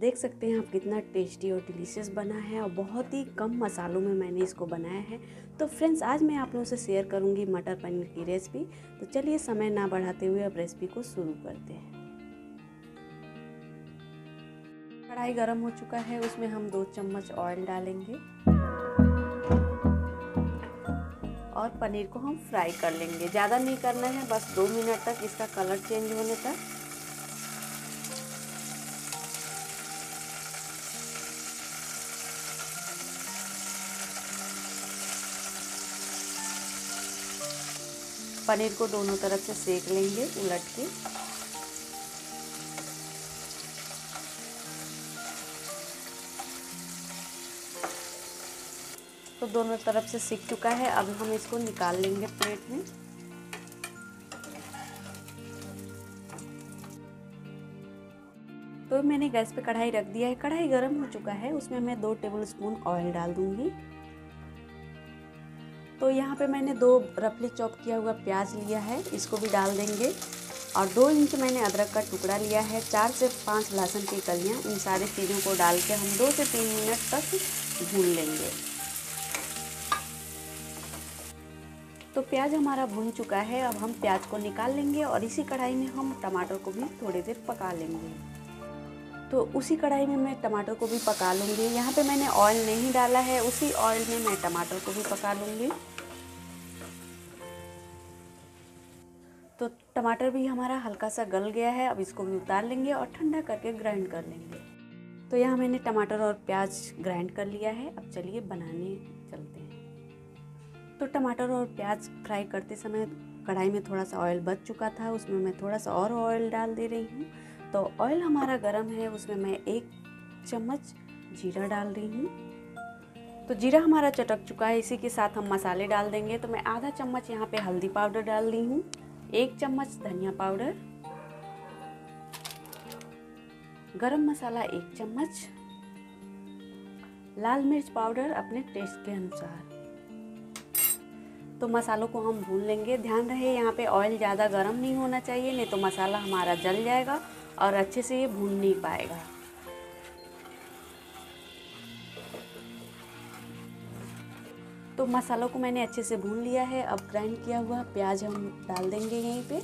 देख सकते हैं आप कितना टेस्टी और डिलीशियस बना है और बहुत ही कम मसालों में मैंने इसको बनाया है तो फ्रेंड्स आज मैं आप लोगों से शेयर करूंगी मटर पनीर की रेसिपी तो चलिए समय ना बढ़ाते हुए अब रेसिपी को शुरू करते हैं कढ़ाई गर्म हो चुका है उसमें हम दो चम्मच ऑयल डालेंगे और पनीर को हम फ्राई कर लेंगे ज़्यादा नहीं करना है बस दो मिनट तक इसका कलर चेंज होने तक पनीर को दोनों तरफ से सेक लेंगे उलट के तो दोनों तरफ से सीख चुका है अब हम इसको निकाल लेंगे प्लेट में तो मैंने गैस पे कढ़ाई रख दिया है कढ़ाई गर्म हो चुका है उसमें मैं दो टेबल स्पून ऑयल डाल दूंगी तो यहाँ पे मैंने दो रफली चॉप किया हुआ प्याज लिया है इसको भी डाल देंगे और दो इंच मैंने अदरक का टुकड़ा लिया है चार से पाँच लहसुन की कलियाँ इन सारे चीज़ों को डाल के हम दो से तीन मिनट तक भून लेंगे तो प्याज हमारा भून चुका है अब हम प्याज को निकाल लेंगे और इसी कढ़ाई में हम टमाटर को भी थोड़ी देर पका लेंगे तो उसी कढ़ाई में मैं टमाटर को भी पका लूँगी यहाँ पे मैंने ऑयल नहीं डाला है उसी ऑयल में मैं टमाटर को भी पका लूँगी तो टमाटर भी हमारा हल्का सा गल गया है अब इसको भी उतार लेंगे और ठंडा करके ग्राइंड कर लेंगे तो यहाँ मैंने टमाटर और प्याज ग्राइंड कर लिया है अब चलिए बनाने चलते हैं तो टमाटर और प्याज फ्राई करते समय कढ़ाई में थोड़ा सा ऑयल बच चुका था उसमें मैं थोड़ा सा और ऑयल डाल दे रही हूँ तो ऑयल हमारा गर्म है उसमें मैं एक चम्मच जीरा डाल रही हूँ तो जीरा हमारा चटक चुका है इसी के साथ हम मसाले डाल देंगे तो मैं आधा चम्मच यहाँ पे हल्दी पाउडर डाल रही हूँ एक चम्मच धनिया पाउडर गरम मसाला एक चम्मच लाल मिर्च पाउडर अपने टेस्ट के अनुसार तो मसालों को हम भून लेंगे ध्यान रहे यहाँ पे ऑयल ज़्यादा गर्म नहीं होना चाहिए नहीं तो मसाला हमारा जल जाएगा और अच्छे से ये भून नहीं पाएगा तो मसालों को मैंने अच्छे से भून लिया है अब ग्राइंड किया हुआ प्याज हम डाल देंगे यहीं पे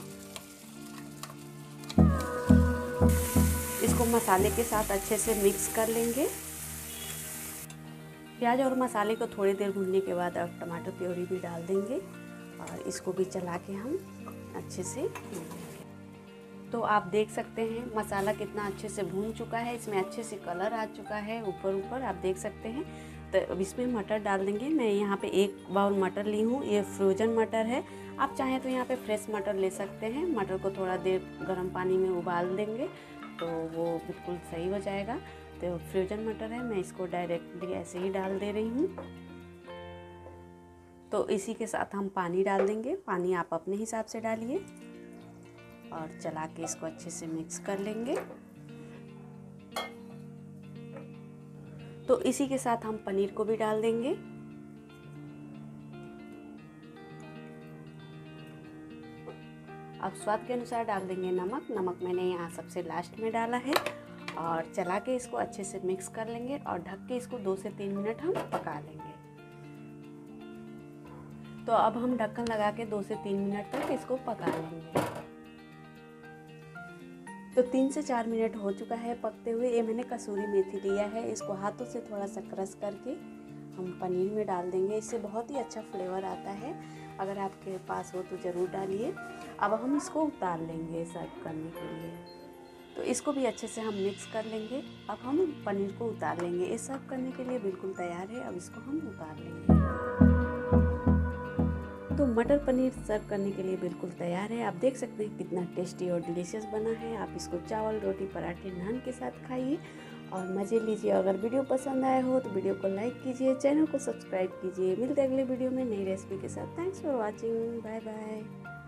इसको मसाले के साथ अच्छे से मिक्स कर लेंगे प्याज और मसाले को थोड़ी देर भूनने के बाद अब टमाटर प्योरी भी डाल देंगे और इसको भी चला के हम अच्छे से भूनेंगे तो आप देख सकते हैं मसाला कितना अच्छे से भून चुका है इसमें अच्छे से कलर आ चुका है ऊपर ऊपर आप देख सकते हैं तो अब इसमें मटर डाल देंगे मैं यहाँ पे एक बाउल मटर ली हूँ ये फ्रोजन मटर है आप चाहें तो यहाँ पे फ्रेश मटर ले सकते हैं मटर को थोड़ा देर गर्म पानी में उबाल देंगे तो वो बिल्कुल सही हो जाएगा तो फ्रोजन मटर है मैं इसको डायरेक्टली ऐसे ही डाल दे रही हूँ तो इसी के साथ हम पानी डाल देंगे पानी आप अपने हिसाब से डालिए और चला के इसको अच्छे से मिक्स कर लेंगे तो इसी के साथ हम पनीर को भी डाल देंगे अब स्वाद के अनुसार डाल देंगे नमक नमक मैंने यहाँ सबसे लास्ट में डाला है और चला के इसको अच्छे से मिक्स कर लेंगे और ढक के इसको दो से तीन मिनट हम पका लेंगे तो अब हम ढक्कन लगा के दो से तीन मिनट तक इसको पका लेंगे तो तीन से चार मिनट हो चुका है पकते हुए ये मैंने कसूरी मेथी लिया है इसको हाथों से थोड़ा सा क्रश करके हम पनीर में डाल देंगे इससे बहुत ही अच्छा फ्लेवर आता है अगर आपके पास हो तो ज़रूर डालिए अब हम इसको उतार लेंगे सर्व करने के लिए तो इसको भी अच्छे से हम मिक्स कर लेंगे अब हम पनीर को उतार लेंगे ये सर्व करने के लिए बिल्कुल तैयार है अब इसको हम उतार लेंगे तो मटर पनीर सर्व करने के लिए बिल्कुल तैयार है आप देख सकते हैं कितना टेस्टी और डिलीशियस बना है आप इसको चावल रोटी पराठे नान के साथ खाइए और मज़े लीजिए अगर वीडियो पसंद आया हो तो वीडियो को लाइक कीजिए चैनल को सब्सक्राइब कीजिए मिलते अगले वीडियो में नई रेसिपी के साथ thanks for watching bye bye